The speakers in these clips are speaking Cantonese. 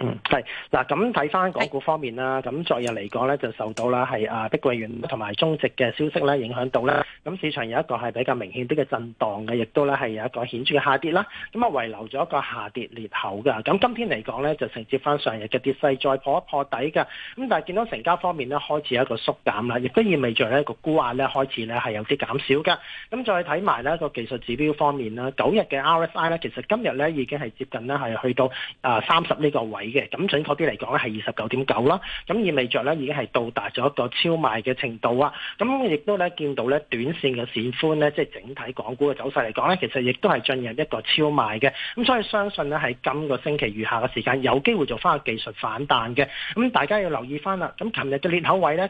嗯，係嗱，咁睇翻港股方面啦，咁昨日嚟講咧就受到啦係啊碧桂園同埋中植嘅消息咧影響到啦。咁市場有一個係比較明顯啲嘅震蕩嘅，亦都咧係有一個顯著嘅下跌啦，咁啊遺留咗一個下跌裂口噶，咁今天嚟講咧就承接翻上，上日嘅跌勢再破一破底噶，咁但係見到成交方面咧開始有一個縮減啦，亦都意味住咧個沽壓咧開始咧係有啲減少噶，咁再睇埋咧個技術指標方面啦，九日嘅 RSI 咧其實今日咧已經係接近咧係去到啊三十呢個位。嘅咁準確啲嚟講咧係二十九點九啦，咁意味着咧已經係到達咗一個超賣嘅程度啊！咁亦都咧見到咧短線嘅線寬咧，即係整體港股嘅走勢嚟講咧，其實亦都係進入一個超賣嘅，咁所以相信咧係今個星期餘下嘅時間有機會做翻個技術反彈嘅。咁大家要留意翻啦，咁琴日嘅裂口位咧，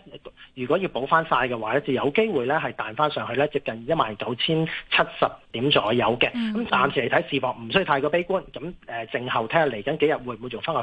如果要補翻晒嘅話咧，就有機會咧係彈翻上去咧接近一萬九千七十點左右嘅。咁、嗯、暫時嚟睇市況唔需要太過悲觀。咁誒靜候睇下嚟緊幾日會唔會做翻個。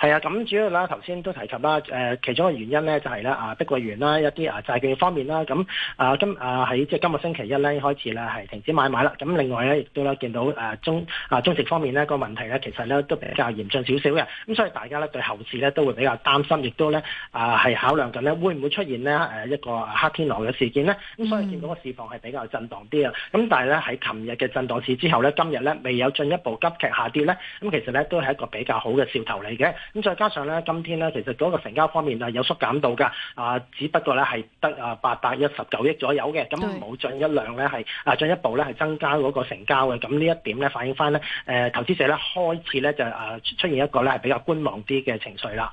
係、嗯、啊，咁主要啦，頭先都提及啦、呃，其中嘅原因咧就係、是、咧啊，碧桂園啦，一啲啊債券方面啦，咁啊，啊，啊今啊喺即今個星期一咧開始咧係停止買賣啦。咁、啊、另外咧亦都咧見到誒、啊、中啊中植方面呢個問題咧其實咧都比較嚴重少少嘅，咁所以大家咧對後市咧都會比較擔心，亦都咧啊係考量緊咧會唔會出現咧一個黑天鵝嘅事件咧？咁所以見到個市況係比較震盪啲啊，咁但係咧喺琴日嘅震盪市之後咧，今日咧未有進一步急劇下跌咧，咁其實咧都係一個比較好嘅兆頭嚟。嘅，咁再加上咧，今天咧，其實嗰個成交方面係有縮減到㗎，啊、呃，只不過咧係得啊八百一十九億左右嘅，咁冇進一量咧係啊進一步咧係增加嗰個成交嘅，咁呢一點咧反映返咧，誒、呃、投資者咧開始咧就啊出現一個咧係比較觀望啲嘅情緒啦。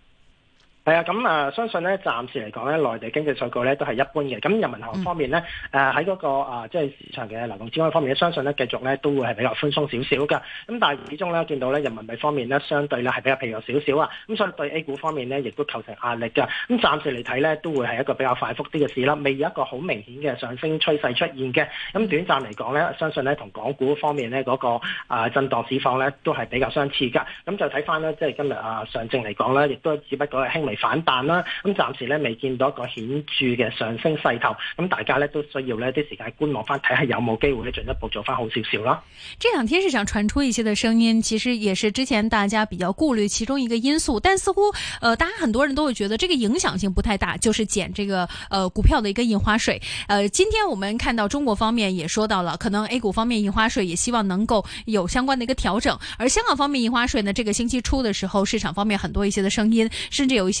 係啊，咁啊，相信咧，暫時嚟講咧，內地經濟數據咧都係一般嘅。咁人民行方面咧，誒喺嗰個啊，即係市場嘅流動資金方面咧，相信咧繼續咧都會係比較寬鬆少少噶。咁但係始終咧見到咧人民幣方面咧相對咧係比較疲弱少少啊。咁所以對 A 股方面咧亦都構成壓力噶。咁暫時嚟睇咧都會係一個比較快幅啲嘅市啦，未有一個好明顯嘅上升趨勢出現嘅。咁短暫嚟講咧，相信咧同港股方面咧嗰個啊震盪市況咧都係比較相似噶。咁就睇翻咧，即係今日啊上證嚟講咧，亦都只不過係輕。反彈啦，咁暫時呢未見到一個顯著嘅上升勢頭，咁大家呢都需要呢啲時間觀望翻，睇下有冇機會呢進一步做翻好少少啦。這兩天市場傳出一些的聲音，其實也是之前大家比較顧慮其中一個因素，但似乎，呃，大家很多人都會覺得這個影響性不太大，就是減這個，呃，股票的一個印花稅。呃，今天我們看到中國方面也說到了，可能 A 股方面印花稅也希望能夠有相關的一個調整，而香港方面印花稅呢，這個星期初的時候市場方面很多一些的聲音，甚至有一些。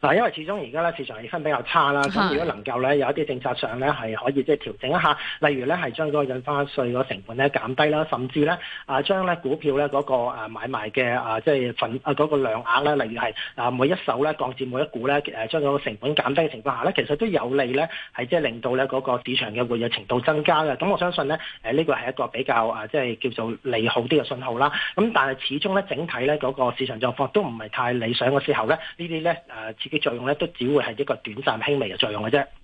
嗱，因為始終而家咧市場氣氛比較差啦，咁如果能夠咧有一啲政策上咧係可以即係調整一下，例如咧係將嗰個印花稅嗰成本咧減低啦，甚至咧啊將咧股票咧嗰個啊買賣嘅啊即係份啊嗰個量額咧，例如係啊每一手咧降至每一股咧誒將嗰個成本減低嘅情況下咧，其實都有利咧係即係令到咧嗰個市場嘅活躍程度增加嘅。咁我相信咧誒呢個係一個比較啊即係叫做利好啲嘅信號啦。咁但係始終咧整體咧嗰個市場狀況都唔係太理想嘅時候咧，呢啲咧。誒刺激作用咧，都只會係一個短暫輕微嘅作用嘅啫。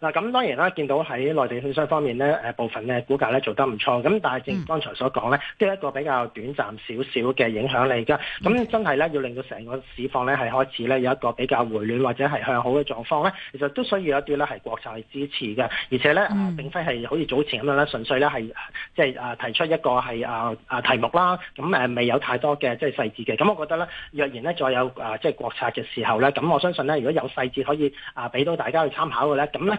嗱咁當然啦，見到喺內地券商方面咧，誒部分呢股價咧做得唔錯。咁但係正剛才所講咧，都係一個比較短暫少少嘅影響力噶。咁真係咧要令到成個市況咧係開始咧有一個比較回暖或者係向好嘅狀況咧，其實都需要一啲咧係國策去支持嘅。而且咧啊，嗯、並非係好似早前咁樣咧，純粹咧係即係提出一個係啊啊題目啦。咁誒未有太多嘅即係細節嘅。咁我覺得咧，若然咧再有啊即係、就是、國策嘅時候咧，咁我相信咧如果有細節可以啊俾到大家去參考嘅咧，咁咧。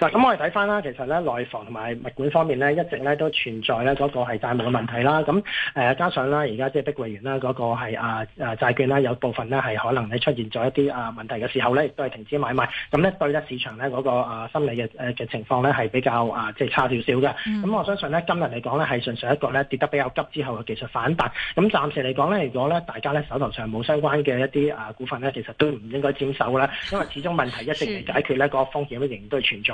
嗱，咁我哋睇翻啦，其實咧內房同埋物管方面咧，一直咧都存在咧嗰個係債務嘅問題啦。咁誒加上咧而家即係碧桂園啦嗰個係啊啊債券啦，有部分咧係可能咧出現咗一啲啊問題嘅時候咧，亦都係停止買賣。咁咧對咧市場咧嗰個啊心理嘅誒嘅情況咧係比較啊即係差少少嘅。咁我相信咧今日嚟講咧係純粹一個咧跌得比較急之後嘅技術反彈。咁暫時嚟講咧，如果咧大家咧手頭上冇相關嘅一啲啊股份咧，其實都唔應該沾手啦，因為始終問題一直未解決咧，嗰個風險仍然都係存在。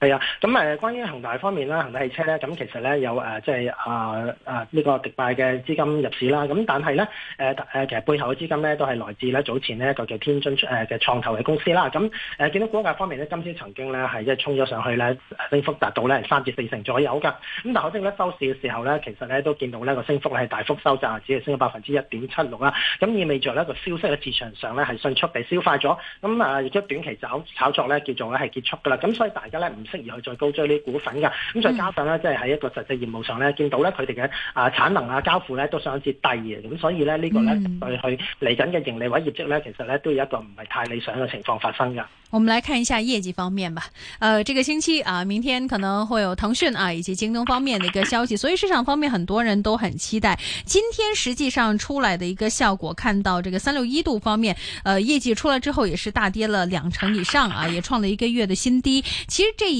係啊，咁誒關於恒大方面啦，恒大汽車咧，咁其實咧有誒即係啊啊呢個迪拜嘅資金入市啦，咁但係咧誒誒其實背後嘅資金咧都係來自咧早前咧一個叫天津誒嘅創投嘅公司啦，咁誒見到股價方面咧，今次曾經咧係即係衝咗上去咧升幅達到咧三至四成左右㗎，咁但可惜咧收市嘅時候咧，其實咧都見到呢個升幅係大幅收窄，只係升咗百分之一點七六啦，咁意味著呢個消息喺市場上咧係迅速地消化咗，咁啊亦都短期炒炒作咧叫做咧係結束㗎啦，咁所以大家咧唔適宜去再高追呢啲股份噶，咁再加上呢，即係喺一個實際業務上呢，見、嗯、到呢，佢哋嘅啊產能啊交付呢，都想接低嘅，咁所以呢，呢個呢，對去嚟緊嘅盈利或業績呢，其實呢，都有一個唔係太理想嘅情況發生噶。我們來看一下業績方面吧。呃，這個星期啊，明天可能會有騰訊啊以及京東方面的一個消息，所以市場方面很多人都很期待。今天實際上出來的一個效果，看到這個三六一度方面，呃，業績出來之後也是大跌了兩成以上啊，也創了一個月的新低。其實這一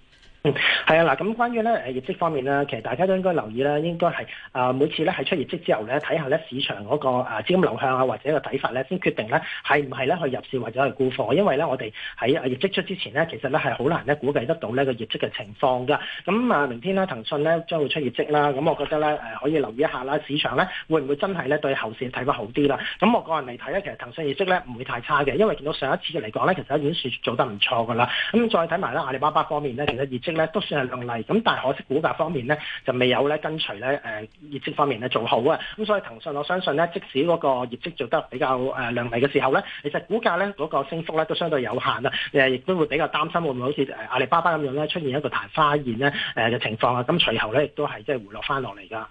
嗯，係啊，嗱，咁關於咧誒業績方面咧，其實大家都應該留意啦。應該係啊，每次咧喺出業績之後咧，睇下咧市場嗰個誒資金流向啊，或者個睇法咧，先決定咧係唔係咧去入市或者去沽貨，因為咧我哋喺業績出之前咧，其實咧係好難咧估計得到呢個業績嘅情況噶。咁啊，明天咧騰訊咧將會出業績啦，咁我覺得咧誒可以留意一下啦，市場咧會唔會真係咧對後市睇得好啲啦。咁我個人嚟睇咧，其實騰訊業績咧唔會太差嘅，因為見到上一次嘅嚟講咧，其實已經算做得唔錯噶啦。咁再睇埋咧阿里巴巴方面咧，其實業績。咧都算係亮麗，咁但係可惜股價方面呢，就未有咧跟隨咧，誒業績方面咧做好啊，咁所以騰訊我相信呢，即使嗰個業績做得比較誒亮麗嘅時候咧，其實股價咧嗰個升幅咧都相對有限啦，誒亦都會比較擔心會唔會好似誒阿里巴巴咁樣咧出現一個曇花現呢誒嘅情況啊，咁隨後咧亦都係即係回落返落嚟㗎。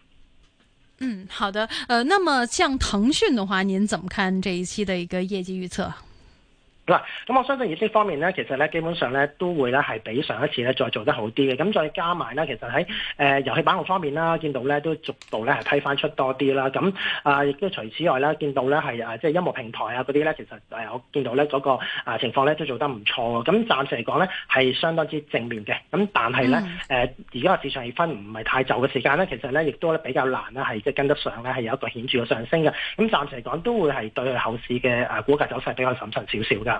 嗯，好的，誒、呃，那麼像騰訊嘅話，您怎麼看這一期嘅一個業績預測？咁、嗯、我相信業績方面咧，其實咧基本上咧都會咧係比上一次咧再做得好啲嘅。咁再加埋咧，其實喺、呃、遊戲板塊方面啦、呃，見到咧都逐步咧係推翻出多啲啦。咁啊亦都除此外啦，見到咧係即係音樂平台啊嗰啲咧，其實、呃、我見到咧嗰、嗰個啊情況咧都做得唔錯。咁暫時嚟講咧係相當之正面嘅。咁但係咧而家個市場氣氛唔係太就嘅時間咧，其實咧亦都比較難啦係即跟得上咧係有一個顯著嘅上升嘅。咁暫時嚟講都會係對後市嘅啊股價走勢比較審慎少少噶。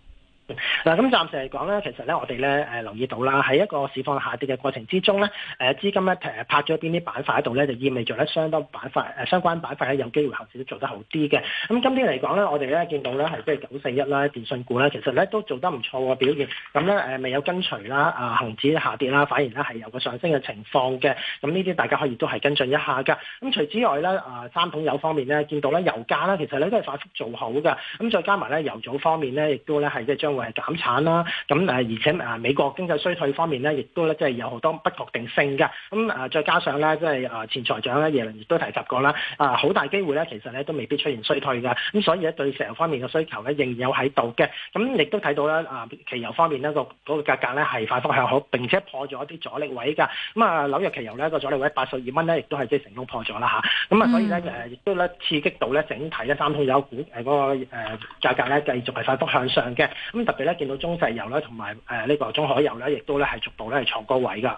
嗱，咁暫時嚟講咧，其實咧，我哋咧誒留意到啦，喺一個市況下跌嘅過程之中咧，誒資金咧誒拍咗邊啲板塊喺度咧，就意味著咧，相當板塊誒相關板塊咧有機會後市都做得好啲嘅。咁今天嚟講咧，我哋咧見到咧係即係九四一啦、電信股咧，其實咧都做得唔錯嘅表現。咁咧誒未有跟隨啦，啊恆指下跌啦，反而咧係有個上升嘅情況嘅。咁呢啲大家可以都係跟進一下㗎。咁除此之外咧，啊三桶油方面咧，見到咧油價啦，其實咧都係快速做好㗎。咁再加埋咧油組方面咧，亦都咧係即係將會。減產啦，咁、嗯、而且美國經濟衰退方面咧，亦都咧即係有好多不確定性㗎。咁再加上咧即係前財長咧耶倫亦都提及過啦，啊好大機會咧其實咧都未必出現衰退㗎。咁所以咧對石油方面嘅需求咧仍然有喺度嘅，咁亦都睇到咧啊期油方面咧個個價格咧係快速向好，並且破咗啲阻力位㗎，咁啊紐約期油咧個阻力位八十二蚊咧亦都係即係成功破咗啦吓，咁啊所以咧亦都咧刺激到咧整體呢三桶油股嗰個誒價格咧繼續係快速向上嘅，咁。特別咧見到中石油咧，同埋誒呢個中海油咧，亦都咧係逐步咧係創高位噶。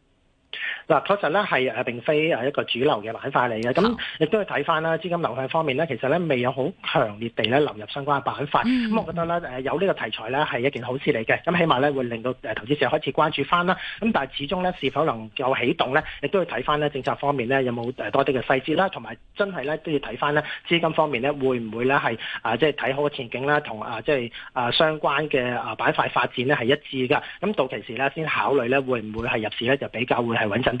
嗱，確實咧係誒，並非係一個主流嘅板塊嚟嘅。咁亦都要睇翻啦，資金流向方面咧，其實咧未有好強烈地咧流入相關嘅板塊。咁、嗯、我覺得咧誒，有呢個題材咧係一件好事嚟嘅。咁起碼咧會令到誒投資者開始關注翻啦。咁但係始終咧是否能夠起動咧，亦都要睇翻咧政策方面咧有冇誒多啲嘅細節啦。同埋真係咧都要睇翻咧資金方面咧會唔會咧係啊即係睇好嘅前景啦，同啊即係啊相關嘅啊板塊發展咧係一致㗎。咁到期時咧先考慮咧會唔會係入市咧就比較會係穩陣。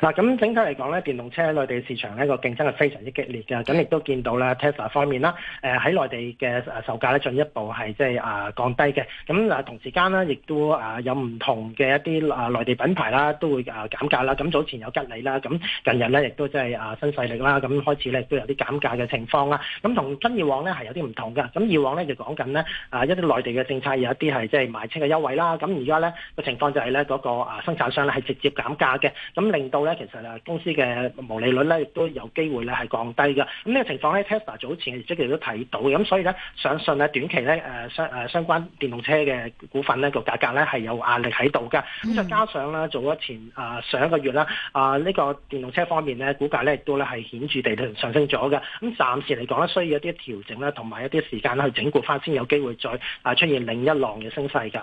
嗱，咁整體嚟講咧，電動車喺內地市場咧個競爭係非常之激烈嘅，咁亦都見到咧 Tesla 方面啦，誒喺內地嘅誒售價咧進一步係即係啊降低嘅，咁嗱同時間咧亦都啊有唔同嘅一啲啊內地品牌啦都會啊減價啦，咁早前有吉利啦，咁近日咧亦都即係啊新勢力啦，咁開始咧都有啲減價嘅情況啦，咁同今以往咧係有啲唔同噶，咁以往咧就講緊咧啊一啲內地嘅政策有一啲係即係買車嘅優惠啦，咁而家咧個情況就係咧嗰個啊生產商咧係直接減價嘅，咁。令到咧，其實咧公司嘅毛利率咧，亦都有機會咧係降低嘅。咁、這、呢個情況喺 Tesla 早前嘅業績期都睇到嘅。咁所以咧，相信咧短期咧相誒相關電動車嘅股份咧個價格咧係有壓力喺度㗎。咁再加上呢，早咗前誒上一個月啦，啊、這、呢個電動車方面咧股價咧亦都咧係顯著地上升咗嘅。咁暫時嚟講咧需要一啲調整啦，同埋一啲時間去整固翻先有機會再啊出現另一浪嘅升勢㗎。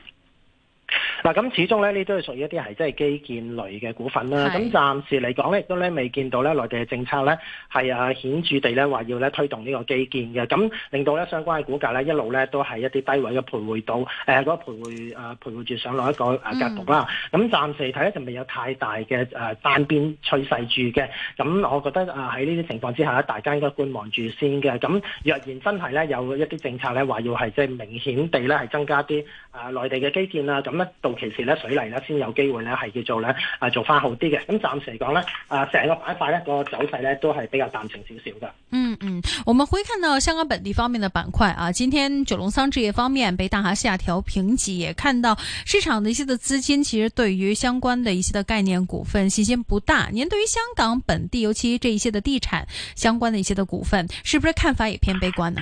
嗱，咁始終咧，呢都係屬於一啲係即係基建類嘅股份啦。咁暫時嚟講咧，亦都咧未見到咧內地嘅政策咧係啊顯著地咧話要咧推動呢個基建嘅，咁令到咧相關嘅股價咧一路咧都係一啲低位嘅徘徊到，誒、呃、嗰、那個、徘徊啊、呃、徘徊住上落一個格局啦。咁暫、嗯、時睇咧就未有太大嘅誒單邊趨勢住嘅，咁、呃、我覺得啊喺呢啲情況之下咧，大家應該觀望住先嘅。咁若然真係咧有一啲政策咧話要係即係明顯地咧係增加啲啊內地嘅基建啊，咁咧其實呢，水泥呢先有機會呢係叫做呢啊做翻好啲嘅。咁暫時嚟講呢，啊成個板塊呢個走勢呢都係比較淡靜少少噶。嗯嗯，我們會看到香港本地方面嘅板塊啊，今天九龍倉置業方面被大華下調評級，也看到市場的一些的資金其實對於相關的一些的概念股份信心不大。您對於香港本地尤其這一些的地產相關的一些的股份，是不是看法也偏悲觀呢？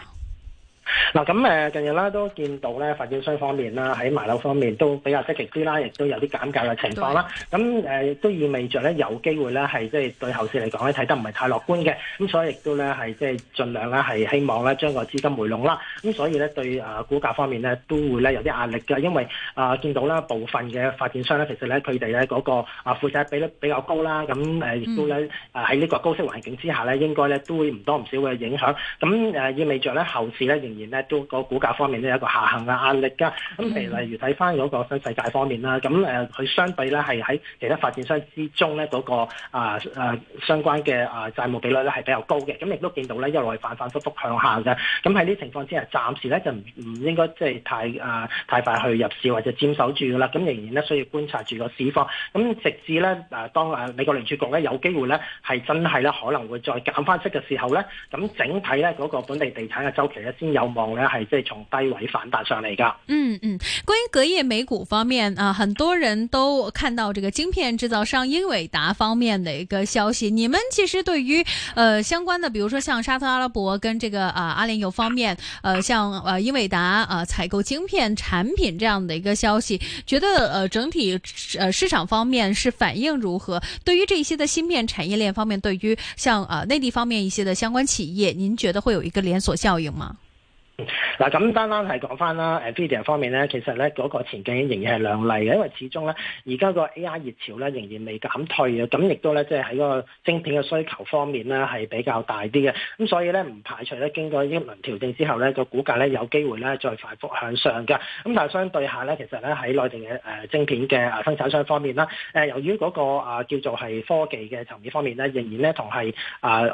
嗱咁誒，近日啦都見到咧，發展商方面啦，喺賣樓方面都比較積極啲啦，亦都有啲減價嘅情況啦。咁誒亦都意味著咧，有機會咧係即係對後市嚟講咧睇得唔係太樂觀嘅。咁所以亦都咧係即係儘量咧係希望咧將個資金回籠啦。咁所以咧對誒股價方面咧都會咧有啲壓力嘅，因為啊見到啦部分嘅發展商咧，其實咧佢哋咧嗰個啊負債比率比較高啦。咁誒亦都有啊喺呢個高息環境之下咧，應該咧都會唔多唔少嘅影響。咁誒意味著咧後市咧仍咧都個股價方面咧有一個下行嘅壓力噶，咁譬如例如睇翻嗰個新世界方面啦，咁誒佢相比咧係喺其他發展商之中咧、那、嗰個啊啊相關嘅啊債務比率咧係比較高嘅，咁亦都見到咧一路係反反覆覆向下嘅，咁喺呢情況之下暫時咧就唔唔應該即係太啊太快去入市或者佔守住噶啦，咁仍然咧需要觀察住個市況，咁直至咧啊當啊美國聯儲局咧有機會咧係真係咧可能會再減翻息嘅時候咧，咁整體咧嗰個本地地產嘅周期咧先有望呢，係即係從低位反彈上嚟噶。嗯嗯，關於隔夜美股方面啊，很多人都看到這個晶片製造商英偉達方面的一個消息。你們其實對於，呃相關的，比如說像沙特阿拉伯跟這個啊阿聯酋方面，呃像呃、啊、英偉達啊採購晶片產品這樣的一個消息，覺得呃整體呃市場方面是反應如何？對於這些的芯片產業鏈方面，對於像啊、呃、內地方面一些的相關企業，您覺得會有一個連鎖效應嗎？嗱，咁單單係講翻啦，誒，NVIDIA 方面咧，其實咧嗰、那個前景仍然係亮麗嘅，因為始終咧而家個 AI 熱潮咧仍然未減退嘅，咁亦都咧即係喺個晶片嘅需求方面咧係比較大啲嘅，咁所以咧唔排除咧經過一輪調整之後咧個股價咧有機會咧再快速向上㗎。咁但係相對下咧其實咧喺內地嘅誒、呃、晶片嘅生產商方面啦、呃，由於嗰、那個啊、呃、叫做係科技嘅層面方面咧仍然咧同係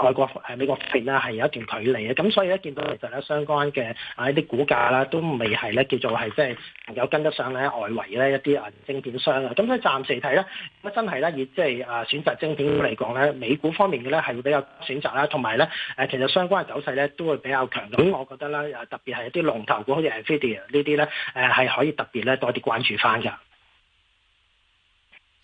外國美國邊啦係有一段距離嘅，咁所以咧見到其實咧相關嘅啊！啲股價啦、啊，都未係咧叫做係即係能夠跟得上咧外圍咧一啲啊晶片商啊，咁所以暫時睇咧，咁真係咧，以即係啊選擇晶片嚟講咧，美股方面嘅咧係會比較選擇啦，同埋咧誒其實相關嘅走勢咧都會比較強，咁我覺得咧特別係一啲龍頭股，好似 Nvidia 呢啲咧誒係可以特別咧多啲關注翻㗎。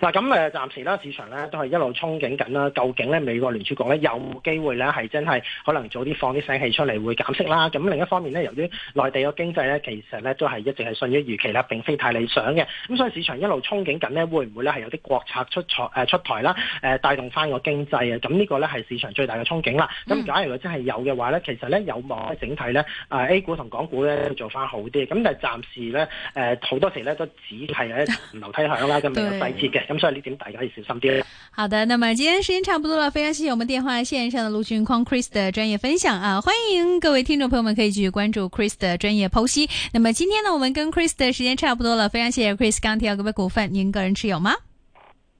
嗱咁誒，暫時咧市場咧都係一路憧憬緊啦。究竟咧美國聯儲局咧有冇機會咧係真係可能早啲放啲聲氣出嚟，會減息啦？咁另一方面咧，由於內地嘅經濟咧，其實咧都係一直係遜於預期啦，並非太理想嘅。咁所以市場一路憧憬緊咧，會唔會咧係有啲國策出錯誒出台啦？誒、呃，帶動翻個經濟啊！咁呢個咧係市場最大嘅憧憬啦。咁、嗯、假如佢真係有嘅話咧，其實咧有望整體咧誒 A 股同港股咧做翻好啲。咁但係暫時咧誒好多時咧都只係咧樓梯響啦，咁未 有細節嘅。咁、嗯、所以呢點大家可以小心啲好的，那麼今天時間差不多了，非常謝謝我們電話線上的盧駿匡 Chris 的專業分享啊！歡迎各位聽眾朋友們可以繼續關注 Chris 的專業剖析。那麼今天呢，我們跟 Chris 的時間差不多了，非常謝謝 Chris 剛提到嘅股份，您個人持有嗎？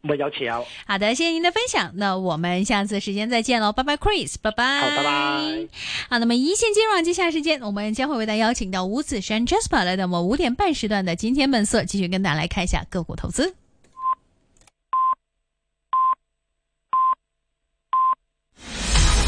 沒有持有。好的，謝謝您的分享。那我們下次時間再見嘍，拜拜，Chris，拜拜，好，拜拜。好，那麼一線金融，接下來時間我們將會為大家邀請到吳子山 Jasper，來到我們五點半時段的今天本色，繼續跟大家來看一下個股投資。